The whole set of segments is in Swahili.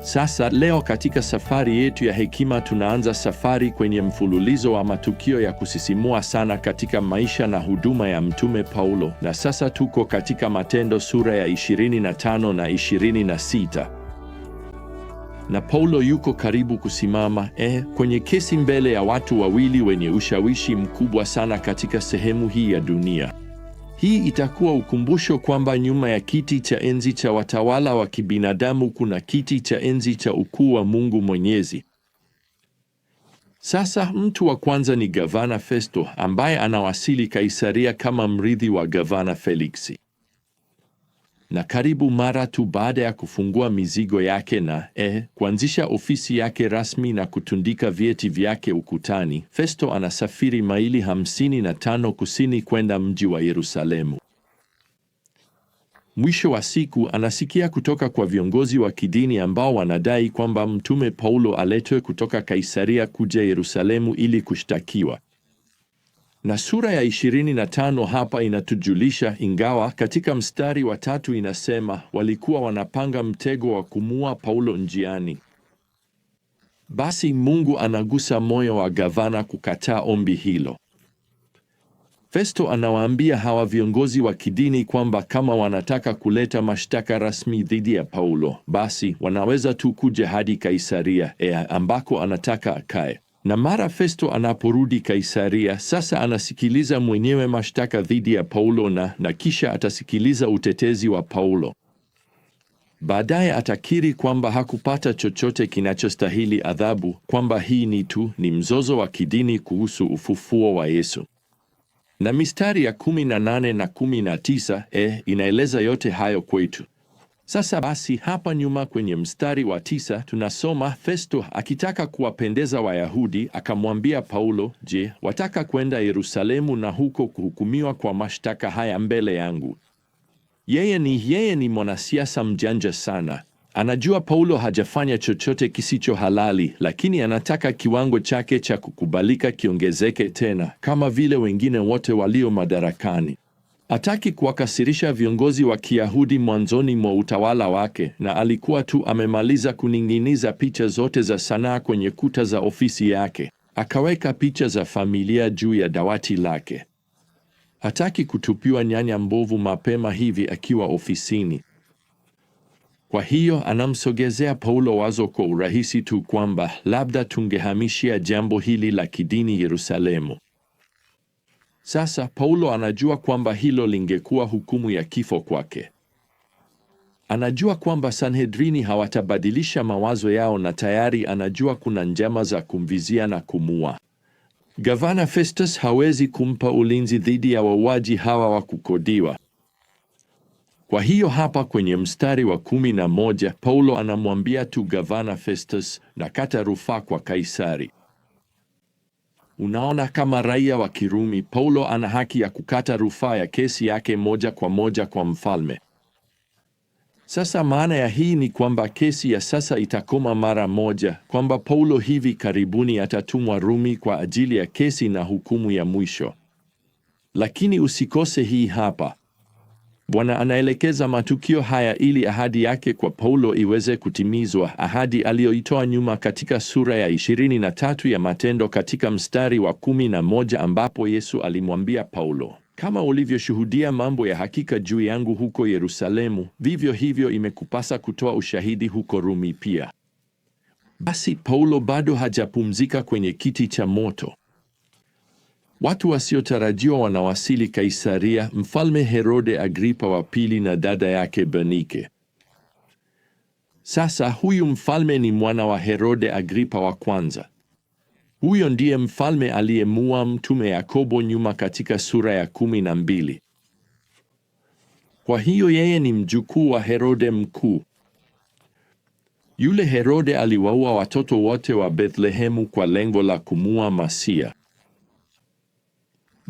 Sasa leo katika safari yetu ya hekima tunaanza safari kwenye mfululizo wa matukio ya kusisimua sana katika maisha na huduma ya Mtume Paulo, na sasa tuko katika Matendo sura ya 25 na 26 na Paulo yuko karibu kusimama eh, kwenye kesi mbele ya watu wawili wenye ushawishi mkubwa sana katika sehemu hii ya dunia. Hii itakuwa ukumbusho kwamba nyuma ya kiti cha enzi cha watawala wa kibinadamu kuna kiti cha enzi cha ukuu wa Mungu Mwenyezi. Sasa mtu wa kwanza ni gavana Festo ambaye anawasili Kaisaria kama mrithi wa gavana Feliksi na karibu mara tu baada ya kufungua mizigo yake na eh, kuanzisha ofisi yake rasmi na kutundika vyeti vyake ukutani, Festo anasafiri maili 55 kusini kwenda mji wa Yerusalemu. Mwisho wa siku anasikia kutoka kwa viongozi wa kidini ambao wanadai kwamba mtume Paulo aletwe kutoka Kaisaria kuja Yerusalemu ili kushtakiwa. Na sura ya 25 hapa inatujulisha, ingawa katika mstari wa tatu inasema walikuwa wanapanga mtego wa kumua Paulo njiani. Basi Mungu anagusa moyo wa gavana kukataa ombi hilo. Festo anawaambia hawa viongozi wa kidini kwamba kama wanataka kuleta mashtaka rasmi dhidi ya Paulo, basi wanaweza tu kuja hadi Kaisaria, ea eh, ambako anataka akae. Na mara Festo anaporudi Kaisaria, sasa anasikiliza mwenyewe mashtaka dhidi ya Paulo na na kisha atasikiliza utetezi wa Paulo. Baadaye atakiri kwamba hakupata chochote kinachostahili adhabu, kwamba hii ni tu ni mzozo wa kidini kuhusu ufufuo wa Yesu. Na mistari ya 18 na 19 eh, inaeleza yote hayo kwetu. Sasa basi, hapa nyuma kwenye mstari wa tisa tunasoma Festo akitaka kuwapendeza Wayahudi akamwambia Paulo, je, wataka kwenda Yerusalemu na huko kuhukumiwa kwa mashtaka haya mbele yangu? Yeye ni yeye ni mwanasiasa mjanja sana. Anajua Paulo hajafanya chochote kisicho halali, lakini anataka kiwango chake cha kukubalika kiongezeke tena kama vile wengine wote walio madarakani. Hataki kuwakasirisha viongozi wa Kiyahudi mwanzoni mwa utawala wake, na alikuwa tu amemaliza kuning'iniza picha zote za sanaa kwenye kuta za ofisi yake. Akaweka picha za familia juu ya dawati lake. Hataki kutupiwa nyanya mbovu mapema hivi akiwa ofisini. Kwa hiyo anamsogezea Paulo wazo kwa urahisi tu kwamba labda tungehamishia jambo hili la kidini Yerusalemu. Sasa Paulo anajua kwamba hilo lingekuwa hukumu ya kifo kwake. Anajua kwamba Sanhedrini hawatabadilisha mawazo yao na tayari anajua kuna njama za kumvizia na kumua. Gavana Festus hawezi kumpa ulinzi dhidi ya wauaji hawa wa kukodiwa. Kwa hiyo hapa kwenye mstari wa kumi na moja Paulo anamwambia tu gavana Festus, nakata rufaa kwa Kaisari. Unaona, kama raia wa Kirumi, Paulo ana haki ya kukata rufaa ya kesi yake moja kwa moja kwa mfalme. Sasa maana ya hii ni kwamba kesi ya sasa itakoma mara moja, kwamba Paulo hivi karibuni atatumwa Rumi kwa ajili ya kesi na hukumu ya mwisho. Lakini usikose hii hapa. Bwana anaelekeza matukio haya ili ahadi yake kwa Paulo iweze kutimizwa, ahadi aliyoitoa nyuma katika sura ya 23 ya Matendo katika mstari wa 11 ambapo Yesu alimwambia Paulo, kama ulivyoshuhudia mambo ya hakika juu yangu huko Yerusalemu, vivyo hivyo imekupasa kutoa ushahidi huko Rumi pia. Basi Paulo bado hajapumzika kwenye kiti cha moto. Watu wasiotarajiwa wanawasili Kaisaria. Mfalme Herode Agripa wa pili na dada yake Bernike. Sasa huyu mfalme ni mwana wa Herode Agripa wa kwanza. Huyo ndiye mfalme aliyemua mtume Yakobo nyuma katika sura ya kumi na mbili. Kwa hiyo yeye ni mjukuu wa Herode mkuu. Yule Herode aliwaua watoto wote wa Bethlehemu kwa lengo la kumua Masia.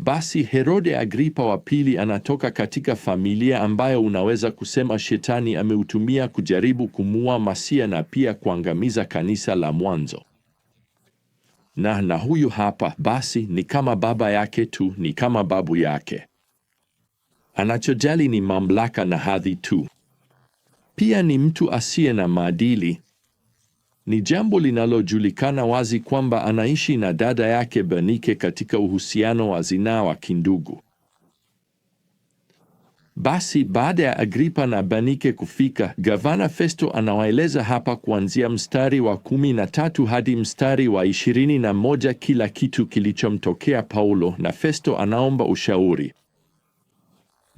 Basi Herode Agripa wa pili anatoka katika familia ambayo unaweza kusema shetani ameutumia kujaribu kumua Masia na pia kuangamiza kanisa la mwanzo. Na na huyu hapa basi ni kama baba yake tu, ni kama babu yake. Anachojali ni mamlaka na hadhi tu. Pia ni mtu asiye na maadili. Ni jambo linalojulikana wazi kwamba anaishi na dada yake Bernike katika uhusiano wa zinaa wa kindugu. Basi baada ya Agripa na Bernike kufika, gavana Festo anawaeleza hapa kuanzia mstari wa kumi na tatu hadi mstari wa ishirini na moja kila kitu kilichomtokea Paulo, na Festo anaomba ushauri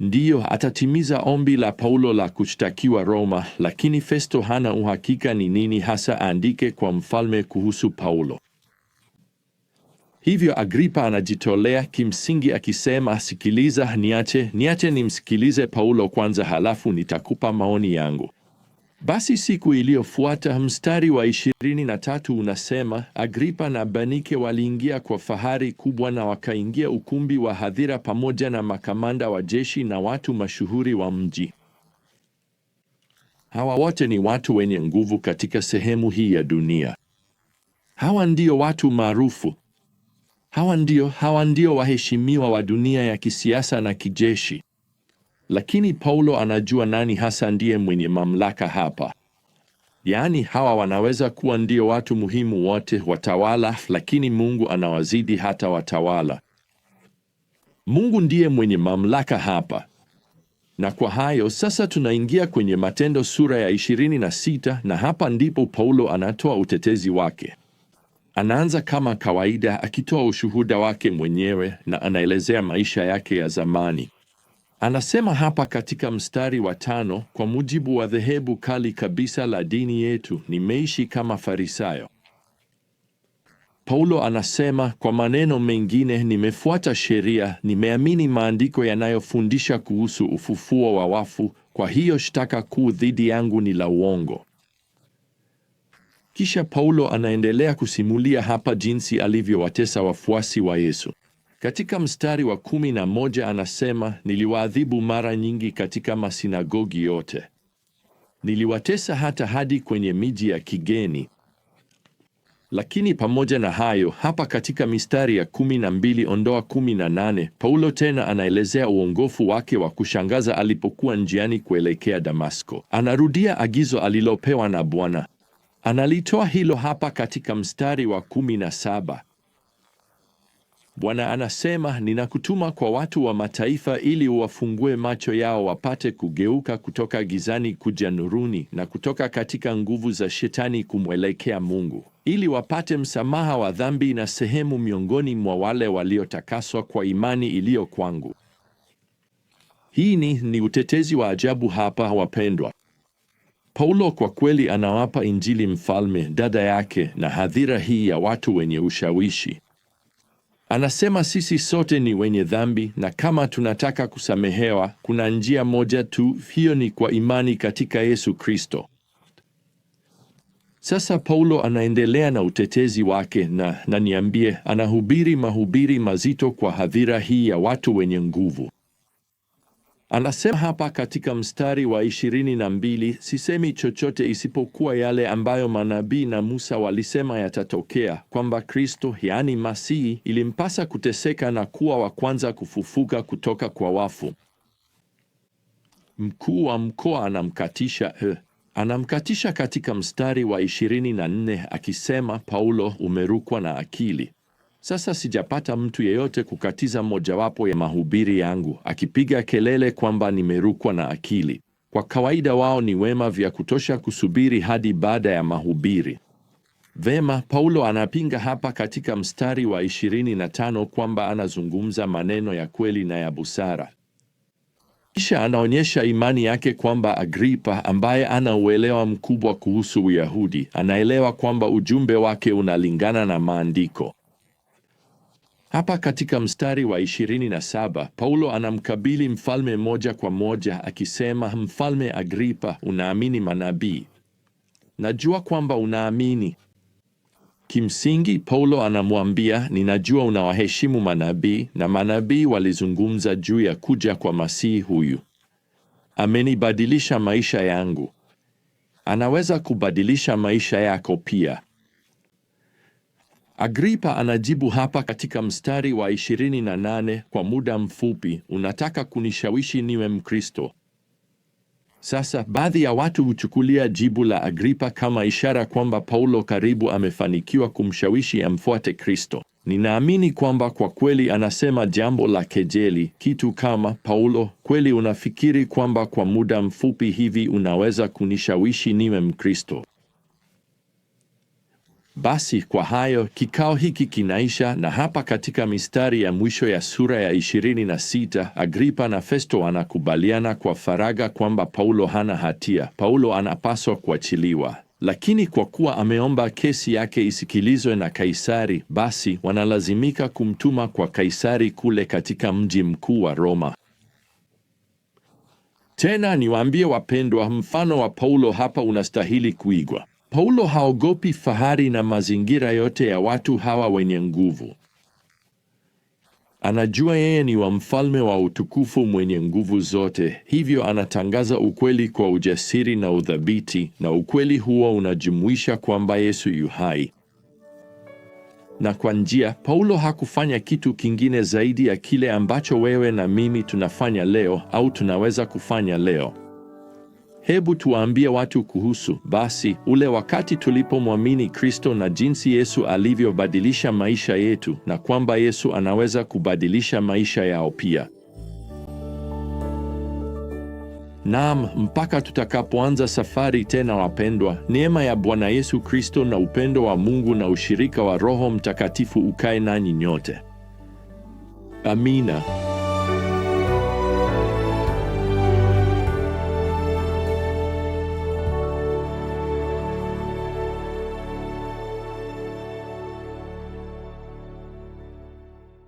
ndiyo atatimiza ombi la Paulo la kushtakiwa Roma, lakini Festo hana uhakika ni nini hasa aandike kwa mfalme kuhusu Paulo. Hivyo Agripa anajitolea kimsingi akisema, sikiliza, niache niache nimsikilize Paulo kwanza, halafu nitakupa maoni yangu. Basi siku iliyofuata, mstari wa ishirini na tatu unasema, Agripa na banike waliingia kwa fahari kubwa na wakaingia ukumbi wa hadhira pamoja na makamanda wa jeshi na watu mashuhuri wa mji. Hawa wote ni watu wenye nguvu katika sehemu hii ya dunia. Hawa ndio watu maarufu. Hawa ndio hawa ndio waheshimiwa wa dunia ya kisiasa na kijeshi. Lakini Paulo anajua nani hasa ndiye mwenye mamlaka hapa. Yaani, hawa wanaweza kuwa ndio watu muhimu wote, watawala, lakini Mungu anawazidi hata watawala. Mungu ndiye mwenye mamlaka hapa. Na kwa hayo sasa tunaingia kwenye Matendo sura ya 26 na hapa ndipo Paulo anatoa utetezi wake. Anaanza kama kawaida akitoa ushuhuda wake mwenyewe na anaelezea maisha yake ya zamani. Anasema hapa katika mstari wa tano, kwa mujibu wa dhehebu kali kabisa la dini yetu, nimeishi kama Farisayo. Paulo anasema, kwa maneno mengine, nimefuata sheria, nimeamini maandiko yanayofundisha kuhusu ufufuo wa wafu, kwa hiyo shtaka kuu dhidi yangu ni la uongo. Kisha Paulo anaendelea kusimulia hapa jinsi alivyowatesa wafuasi wa Yesu. Katika mstari wa kumi na moja anasema, niliwaadhibu mara nyingi katika masinagogi yote, niliwatesa hata hadi kwenye miji ya kigeni. Lakini pamoja na hayo, hapa katika mistari ya kumi na mbili ondoa kumi na nane Paulo tena anaelezea uongofu wake wa kushangaza alipokuwa njiani kuelekea Damasko. Anarudia agizo alilopewa na Bwana, analitoa hilo hapa katika mstari wa kumi na saba Bwana anasema, ninakutuma kwa watu wa mataifa ili uwafungue macho yao wapate kugeuka kutoka gizani kuja nuruni na kutoka katika nguvu za shetani kumwelekea Mungu, ili wapate msamaha wa dhambi na sehemu miongoni mwa wale waliotakaswa kwa imani iliyo kwangu. Hii ni ni utetezi wa ajabu hapa, wapendwa. Paulo kwa kweli anawapa Injili mfalme, dada yake na hadhira hii ya watu wenye ushawishi. Anasema sisi sote ni wenye dhambi na kama tunataka kusamehewa, kuna njia moja tu, hiyo ni kwa imani katika Yesu Kristo. Sasa Paulo anaendelea na utetezi wake, na na niambie, anahubiri mahubiri mazito kwa hadhira hii ya watu wenye nguvu. Anasema hapa katika mstari wa ishirini na mbili, sisemi chochote isipokuwa yale ambayo manabii na Musa walisema yatatokea, kwamba Kristo, yaani Masihi, ilimpasa kuteseka na kuwa wa kwanza kufufuka kutoka kwa wafu. Mkuu wa mkoa anamkatisha eh, anamkatisha katika mstari wa ishirini na nne akisema, Paulo, umerukwa na akili. Sasa sijapata mtu yeyote kukatiza mojawapo ya mahubiri yangu akipiga kelele kwamba nimerukwa na akili. Kwa kawaida wao ni wema vya kutosha kusubiri hadi baada ya mahubiri. Vema, Paulo anapinga hapa katika mstari wa 25 kwamba anazungumza maneno ya kweli na ya busara. Kisha anaonyesha imani yake kwamba Agripa ambaye ana uelewa mkubwa kuhusu Uyahudi, anaelewa kwamba ujumbe wake unalingana na maandiko. Hapa katika mstari wa 27 Paulo anamkabili mfalme moja kwa moja akisema, Mfalme Agripa, unaamini manabii? Najua kwamba unaamini. Kimsingi, Paulo anamwambia, ninajua unawaheshimu manabii na manabii walizungumza juu ya kuja kwa Masihi huyu. Amenibadilisha maisha yangu. Anaweza kubadilisha maisha yako pia. Agripa anajibu hapa katika mstari wa 28, kwa muda mfupi unataka kunishawishi niwe Mkristo. Sasa baadhi ya watu huchukulia jibu la Agripa kama ishara kwamba Paulo karibu amefanikiwa kumshawishi amfuate Kristo. Ninaamini kwamba kwa kweli anasema jambo la kejeli, kitu kama Paulo, kweli unafikiri kwamba kwa muda mfupi hivi unaweza kunishawishi niwe Mkristo? Basi kwa hayo kikao hiki kinaisha, na hapa katika mistari ya mwisho ya sura ya 26 Agripa na Festo wanakubaliana kwa faraga kwamba Paulo hana hatia. Paulo anapaswa kuachiliwa, lakini kwa kuwa ameomba kesi yake isikilizwe na Kaisari, basi wanalazimika kumtuma kwa Kaisari kule katika mji mkuu wa Roma. Tena niwaambie wapendwa, mfano wa Paulo hapa unastahili kuigwa. Paulo haogopi fahari na mazingira yote ya watu hawa wenye nguvu. Anajua yeye ni wa mfalme wa utukufu mwenye nguvu zote, hivyo anatangaza ukweli kwa ujasiri na uthabiti, na ukweli huo unajumuisha kwamba Yesu yu hai. Na kwa njia, Paulo hakufanya kitu kingine zaidi ya kile ambacho wewe na mimi tunafanya leo au tunaweza kufanya leo. Hebu tuwaambie watu kuhusu basi ule wakati tulipomwamini Kristo na jinsi Yesu alivyobadilisha maisha yetu na kwamba Yesu anaweza kubadilisha maisha yao pia. Naam, mpaka tutakapoanza safari tena wapendwa, neema ya Bwana Yesu Kristo na upendo wa Mungu na ushirika wa Roho Mtakatifu ukae nanyi nyote. Amina.